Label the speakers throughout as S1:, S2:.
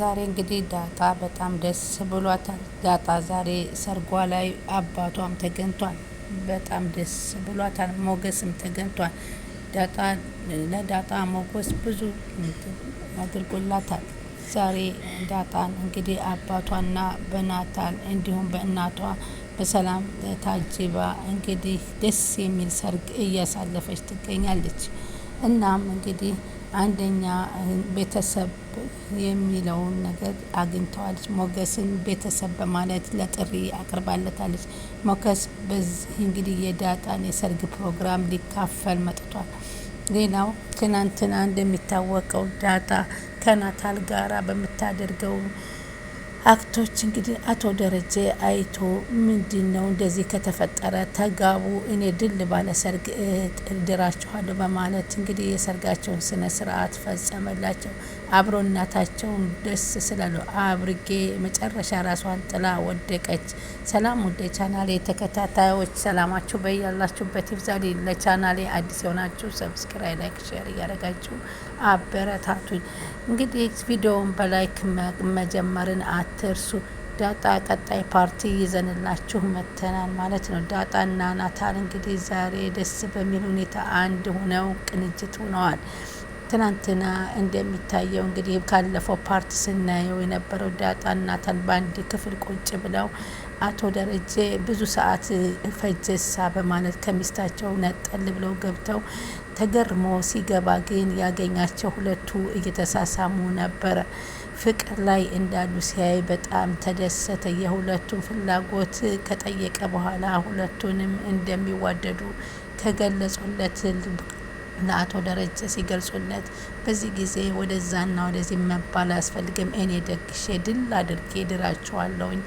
S1: ዛሬ እንግዲህ ዳጣ በጣም ደስ ብሏታል። ዳጣ ዛሬ ሰርጓ ላይ አባቷም ተገኝቷል። በጣም ደስ ብሏታል። ሞገስም ተገኝቷል። ዳጣ ለዳጣ ሞገስ ብዙ አድርጎላታል። ዛሬ ዳጣን እንግዲህ አባቷና በናታል እንዲሁም በእናቷ በሰላም ታጅባ እንግዲህ ደስ የሚል ሰርግ እያሳለፈች ትገኛለች። እናም እንግዲህ አንደኛ ቤተሰብ የሚለውን ነገር አግኝተዋለች። ሞገስን ቤተሰብ በማለት ለጥሪ አቅርባለታለች። ሞገስ በዚህ እንግዲህ የዳጣን የሰርግ ፕሮግራም ሊካፈል መጥቷል። ሌላው ትናንትና እንደሚታወቀው ዳጣ ከናታል ጋራ በምታደርገው አክቶች እንግዲህ አቶ ደረጀ አይቶ ምንድን ነው እንደዚህ ከተፈጠረ ተጋቡ፣ እኔ ድል ባለ ሰርግ ድራችኋለሁ በማለት እንግዲህ የሰርጋቸውን ስነ ስርዓት ፈጸመላቸው። አብሮ ደስ ስላሉ አብርጌ መጨረሻ ራሷን ጥላ ወደቀች። ሰላም ወደ ቻናሌ ተከታታዮች ሰላማችሁ በያላችሁበት ይብዛል። ለቻናሌ አዲስ የሆናችሁ ሰብስክራይ፣ ላይክ፣ ሼር እያደረጋችሁ አበረታቱኝ። እንግዲህ ቪዲዮውን በላይክ መጀመርን አ አትርሱ። ዳጣ ቀጣይ ፓርቲ ይዘንላችሁ መተናል ማለት ነው። ዳጣና ናታን እንግዲህ ዛሬ ደስ በሚል ሁኔታ አንድ ሆነው ቅንጅት ሆነዋል። ትናንትና እንደሚታየው እንግዲህ ካለፈው ፓርቲ ስናየው የነበረው ዳጣ ናታል በአንድ ክፍል ቁጭ ብለው አቶ ደረጀ ብዙ ሰዓት ፈጀሳ በማለት ከሚስታቸው ነጠል ብለው ገብተው ተገርሞ ሲገባ ግን ያገኛቸው ሁለቱ እየተሳሳሙ ነበረ። ፍቅር ላይ እንዳሉ ሲያይ በጣም ተደሰተ። የሁለቱን ፍላጎት ከጠየቀ በኋላ ሁለቱንም እንደሚዋደዱ ከገለጹለት ለአቶ ደረጀ ሲገልጹለት በዚህ ጊዜ ወደዛና ወደዚህ መባል አያስፈልግም፣ እኔ ደግሼ ድል አድርጌ ድራቸዋለሁኝ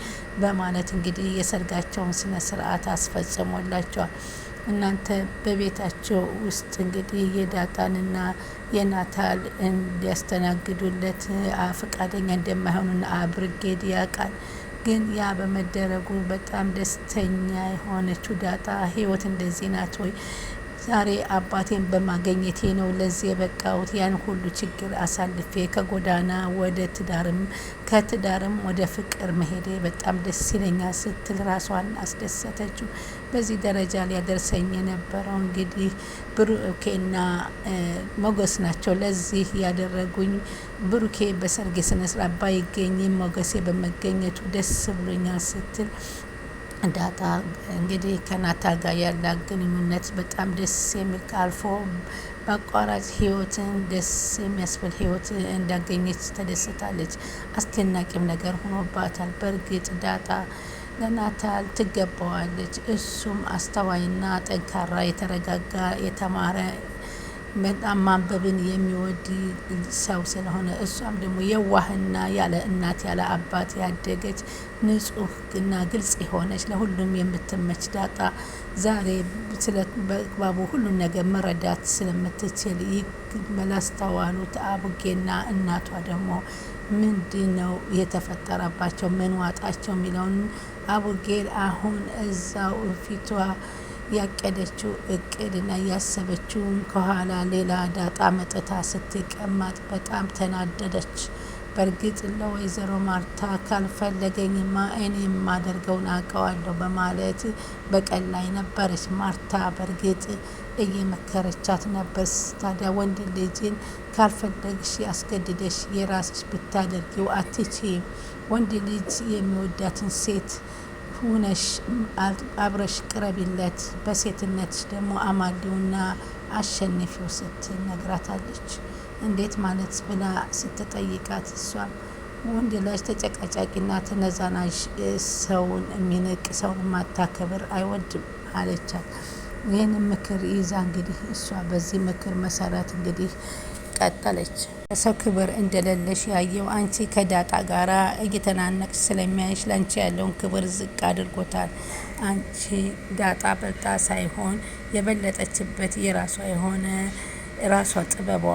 S1: በማለት እንግዲህ የሰርጋቸውን ስነ ስርዓት አስፈጽሞላቸዋል። እናንተ በቤታቸው ውስጥ እንግዲህ የዳጣንና የናታል እንዲያስተናግዱለት ፈቃደኛ እንደማይሆኑና አብርጌድ ያውቃል። ግን ያ በመደረጉ በጣም ደስተኛ የሆነችው ዳጣ ህይወት እንደዚህ ናት ወይ ዛሬ አባቴን በማገኘቴ ነው ለዚህ የበቃሁት። ያን ሁሉ ችግር አሳልፌ ከጎዳና ወደ ትዳርም ከትዳርም ወደ ፍቅር መሄዴ በጣም ደስ ይለኛል ስትል ራሷን አስደሰተችው። በዚህ ደረጃ ሊያደርሰኝ የነበረው እንግዲህ ብሩኬና ሞገስ ናቸው። ለዚህ ያደረጉኝ ብሩኬ በሰርጌ ስነስርዓት ባይገኝም ሞገሴ በመገኘቱ ደስ ብሎኛል ስትል ዳጣ እንግዲህ ከናታ ጋር ያላ ግንኙነት በጣም ደስ የሚል አልፎ በአቋራጭ ህይወትን ደስ የሚያስብል ህይወት እንዳገኘች ተደስታለች። አስደናቂም ነገር ሆኖባታል። በእርግጥ ዳጣ ለናታል ትገባዋለች። እሱም አስተዋይና ጠንካራ፣ የተረጋጋ፣ የተማረ በጣም ማንበብን የሚወድ ሰው ስለሆነ እሷም ደግሞ የዋህና ያለ እናት ያለ አባት ያደገች ንጹህ እና ግልጽ የሆነች ለሁሉም የምትመች ዳጣ ዛሬ ስለ በአግባቡ ሁሉን ነገር መረዳት ስለምትችል መላስተዋሉት አቡጌና እናቷ ደግሞ ምንድን ነው የተፈጠረባቸው? ምን ዋጣቸው? የሚለውን አቡጌል አሁን እዛው ፊቷ ያቀደችው እቅድና ያሰበችውን ከኋላ ሌላ ዳጣ መጥታ ስትቀማጥ በጣም ተናደደች። በእርግጥ ለወይዘሮ ማርታ ካልፈለገኝማ እኔ የማደርገውን አውቀዋለሁ በማለት በቀል ላይ ነበረች። ማርታ በእርግጥ እየመከረቻት ነበር። ታዲያ ወንድ ልጅን ካልፈለግሽ ያስገድደሽ የራስሽ ብታደርጊው አትችም። ወንድ ልጅ የሚወዳትን ሴት ሁነሽ አብረሽ ቅረቢለት፣ በሴትነትሽ ደግሞ አማሌውና አሸንፊው ስትነግራታለች። እንዴት ማለት ብላ ስትጠይቃት እሷም ወንድ ልጅ ተጨቃጫቂና ተነዛናዥ፣ ሰውን የሚንቅ ሰውን ማታከብር አይወድም አለቻት። ይህን ምክር ይዛ እንግዲህ እሷ በዚህ ምክር መሰረት እንግዲህ ቀጠለች። ሰው ክብር እንደሌለሽ ያየው አንቺ ከዳጣ ጋር እየተናነቅሽ ስለሚያይሽ ለአንቺ ያለውን ክብር ዝቅ አድርጎታል። አንቺ ዳጣ በልጣ ሳይሆን የበለጠችበት የራሷ የሆነ ራሷ ጥበቧ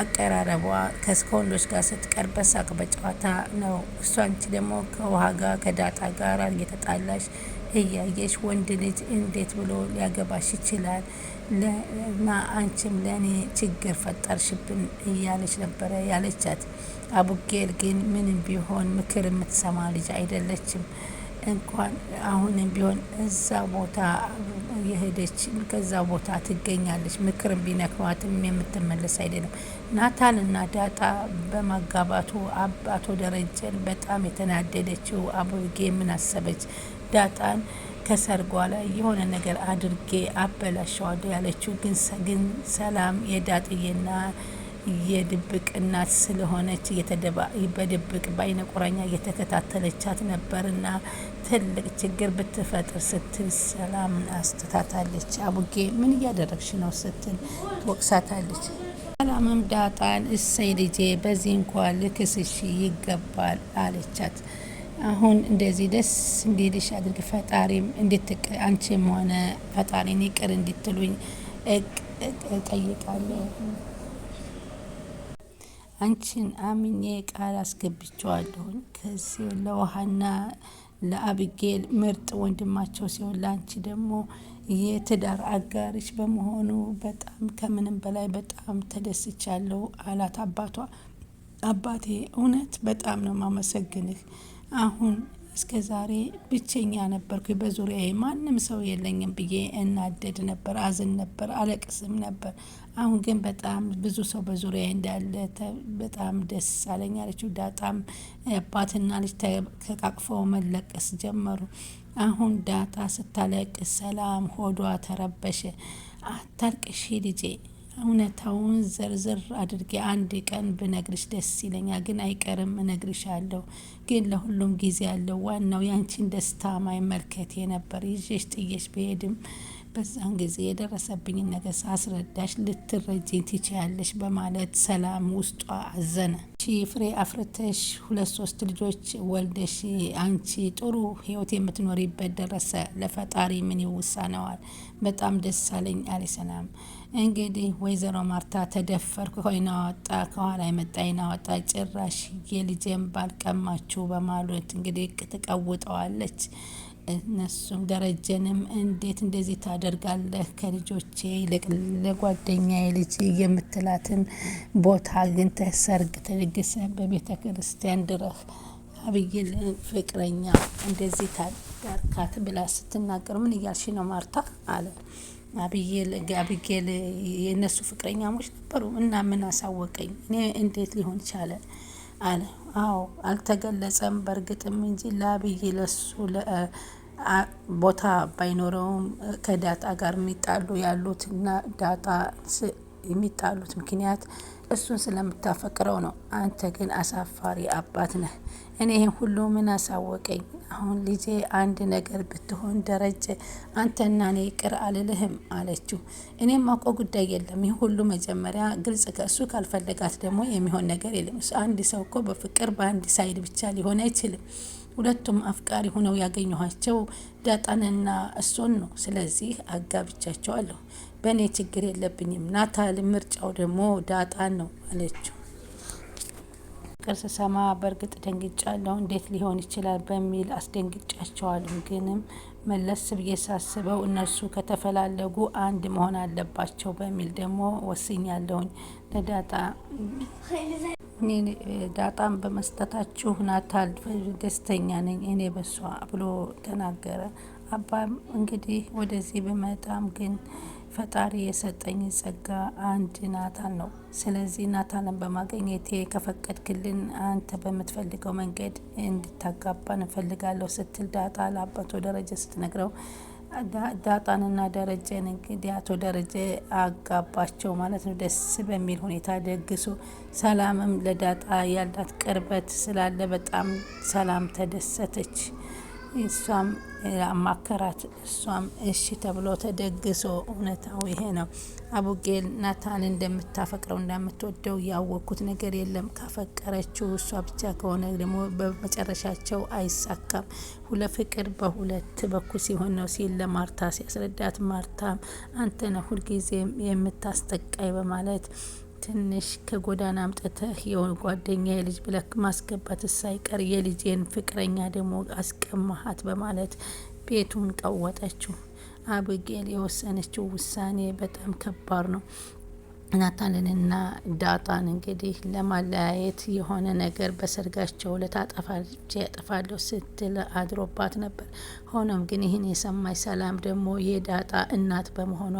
S1: አቀራረቧ ከወንዶች ጋር ስትቀር በሳቅ በጨዋታ ነው። እሷ አንቺ ደግሞ ከውሃ ጋር ከዳጣ ጋር እየተጣላሽ እያየሽ ወንድ ልጅ እንዴት ብሎ ሊያገባሽ ይችላል? እና አንቺም ለእኔ ችግር ፈጠርሽብን እያለች ነበረ ያለቻት። አቡጌል ግን ምንም ቢሆን ምክር የምትሰማ ልጅ አይደለችም። እንኳን አሁንም ቢሆን እዛ ቦታ የሄደች ከዛ ቦታ ትገኛለች። ምክርም ቢነክሯትም የምትመለስ አይደለም። ናታንና ዳጣ በማጋባቱ አባቶ ደረጀን በጣም የተናደደችው አቡጌ ምን አሰበች? ዳጣን ከሰርጓ ላይ የሆነ ነገር አድርጌ አበላሸዋለሁ ያለችው ግን ሰላም የዳጥዬና የድብቅ እናት ስለሆነች በድብቅ በአይነ ቁራኛ እየተከታተለቻት ነበርና ትልቅ ችግር ብትፈጥር ስትል ሰላም አስተታታለች አቡጌ ምን እያደረግሽ ነው ስትል ትወቅሳታለች። ሰላምም ዳጣን እሰይ ልጄ፣ በዚህ እንኳ ልክስሽ ይገባል አለቻት። አሁን እንደዚህ ደስ እንዲልሽ አድርግ። ፈጣሪም አንቺም ሆነ ፈጣሪን ይቅር እንድትሉኝ እጠይቃለሁ። አንቺን አምኜ ቃል አስገብቸዋለሁኝ። ከዚህ ለውሃና ለአብጌል ምርጥ ወንድማቸው ሲሆን ለአንቺ ደግሞ የትዳር አጋሪች በመሆኑ በጣም ከምንም በላይ በጣም ተደስቻለሁ አላት አባቷ። አባቴ እውነት በጣም ነው ማመሰግንህ አሁን እስከ ዛሬ ብቸኛ ነበርኩ፣ በዙሪያ ማንም ሰው የለኝም ብዬ እናደድ ነበር፣ አዝን ነበር፣ አለቅስም ነበር። አሁን ግን በጣም ብዙ ሰው በዙሪያ እንዳለ በጣም ደስ አለኝ አለችው። ዳጣም አባትና ልጅ ተቃቅፈው መለቀስ ጀመሩ። አሁን ዳጣ ስታለቅስ ሰላም ሆዷ ተረበሸ። አታልቅሺ ልጄ እውነታውን ዝርዝር አድርጌ አንድ ቀን ብነግርሽ ደስ ይለኛል፣ ግን አይቀርም አለው ግን ለሁሉም ጊዜ አለው። ዋናው ያንቺን ደስታ ማይመልከቴ ነበር። ይዤሽ ጥዬሽ ብሄድም በዛን ጊዜ የደረሰብኝ ነገር ሳስረዳሽ ልትረጅኝ ትችያለሽ በማለት ሰላም ውስጧ አዘነ። ፍሬ አፍርተሽ ሁለት ሶስት ልጆች ወልደሽ አንቺ ጥሩ ህይወት የምትኖሪበት ደረሰ። ለፈጣሪ ምን ይውሳነዋል? በጣም ደስ አለኝ አለ ሰላም። እንግዲህ ወይዘሮ ማርታ ተደፈርኩ፣ ከሆይና ወጣ፣ ከኋላ የመጣ ይና ወጣ፣ ጭራሽ የልጄን ባል ቀማችሁ በማለት እንግዲህ ትቀውጠዋለች። እነሱም ደረጀንም እንዴት እንደዚህ ታደርጋለህ ከልጆቼ ይልቅ ለጓደኛዬ ልጅ የምትላትን ቦታ አግኝተህ ሰርግ ተደግሰህ በቤተ ክርስቲያን ድረህ አብይል ፍቅረኛ እንደዚህ ታደርካት ብላ ስትናገር ምን እያልሽ ነው ማርታ አለ አብይል። አብጌል የእነሱ ፍቅረኛሞች ነበሩ እና ምን አሳወቀኝ እኔ እንዴት ሊሆን ቻለ አለ። አዎ አልተገለጸም በእርግጥም እንጂ ለአብይ ለሱ ቦታ ባይኖረውም ከዳጣ ጋር የሚጣሉ ያሉት እና ዳጣ የሚጣሉት ምክንያት እሱን ስለምታፈቅረው ነው። አንተ ግን አሳፋሪ አባት ነህ። እኔ ይህን ሁሉ ምን አሳወቀኝ? አሁን ልጄ አንድ ነገር ብትሆን ደረጀ አንተና እኔ ቅር አልልህም አለችው። እኔም አቆ ጉዳይ የለም ይህ ሁሉ መጀመሪያ ግልጽ ከእሱ ካልፈለጋት ደግሞ የሚሆን ነገር የለም። አንድ ሰው እኮ በፍቅር በአንድ ሳይድ ብቻ ሊሆን አይችልም። ሁለቱም አፍቃሪ ሆነው ያገኘኋቸው ዳጣንና እሱን ነው። ስለዚህ አጋብቻቸዋለሁ። በእኔ ችግር የለብኝም። ናታል ምርጫው ደግሞ ዳጣን ነው አለችው። ፍቅር ስሰማ በእርግጥ ደንግጫለሁ። እንዴት ሊሆን ይችላል በሚል አስደንግጫቸዋለሁ። ግንም መለስ ብዬ ሳስበው እነሱ ከተፈላለጉ አንድ መሆን አለባቸው በሚል ደግሞ ወስኛለሁኝ። ለዳጣ ዳጣም በመስጠታችሁ ናታል ደስተኛ ነኝ እኔ በሷ ብሎ ተናገረ። አባም እንግዲህ ወደዚህ ብመጣም ግን ፈጣሪ የሰጠኝ ጸጋ አንድ ናታን ነው። ስለዚህ ናታንን በማግኘቴ ከፈቀድክልን አንተ በምትፈልገው መንገድ እንድታጋባን እንፈልጋለሁ ስትል ዳጣ ለአባቶ ደረጀ ስትነግረው ዳጣንና ደረጀን እንግዲህ አቶ ደረጀ አጋባቸው ማለት ነው። ደስ በሚል ሁኔታ ደግሶ ሰላምም ለዳጣ ያላት ቅርበት ስላለ በጣም ሰላም ተደሰተች እሷም አማከራት። እሷም እሺ ተብሎ ተደግሶ እውነታው ይሄ ነው። አቡጌል ናታን እንደምታፈቅረው እንደምትወደው ያወቅኩት ነገር የለም። ካፈቀረችው እሷ ብቻ ከሆነ ደግሞ በመጨረሻቸው አይሳካም። ፍቅር በሁለት በኩል ሲሆን ነው ሲል ለማርታ ሲያስረዳት፣ ማርታ አንተ ነህ ሁልጊዜም የምታስጠቃይ በማለት ትንሽ ከጎዳና አምጥተህ የጓደኛ ጓደኛ የልጅ ብለህ ማስገባት ሳይቀር የልጄን ፍቅረኛ ደግሞ አስቀማሃት በማለት ቤቱን ቀወጠችው። አብጌል የወሰነችው ውሳኔ በጣም ከባድ ነው። ናታንንና ዳጣን እንግዲህ ለማለያየት የሆነ ነገር በሰርጋቸው ዕለት አጠፋች ያጠፋለሁ ስትል አድሮባት ነበር። ሆኖም ግን ይህን የሰማች ሰላም ደግሞ የዳጣ እናት በመሆኗ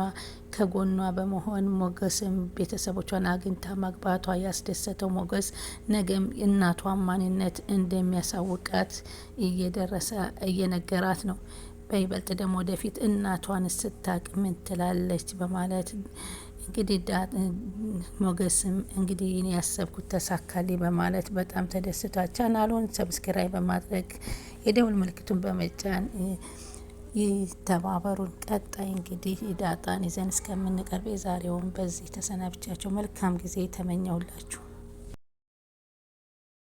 S1: ከጎኗ በመሆን ሞገስም ቤተሰቦቿን አግኝታ ማግባቷ ያስደሰተው ሞገስ ነገም እናቷን ማንነት እንደሚያሳውቃት እየደረሰ እየነገራት ነው። በይበልጥ ደግሞ ወደፊት እናቷን ስታቅ ምን ትላለች በማለት እንግዲህ ሞገስም እንግዲህ ያሰብኩት ተሳካልኝ በማለት በጣም ተደስቷል። ቻናሉን ሰብስክራይብ በማድረግ የደውል ምልክቱን በመጫን ይተባበሩን። ቀጣይ እንግዲህ ዳጣን ይዘን እስከምንቀርብ የዛሬውን በዚህ ተሰናብቻቸው መልካም ጊዜ ተመኘውላችሁ።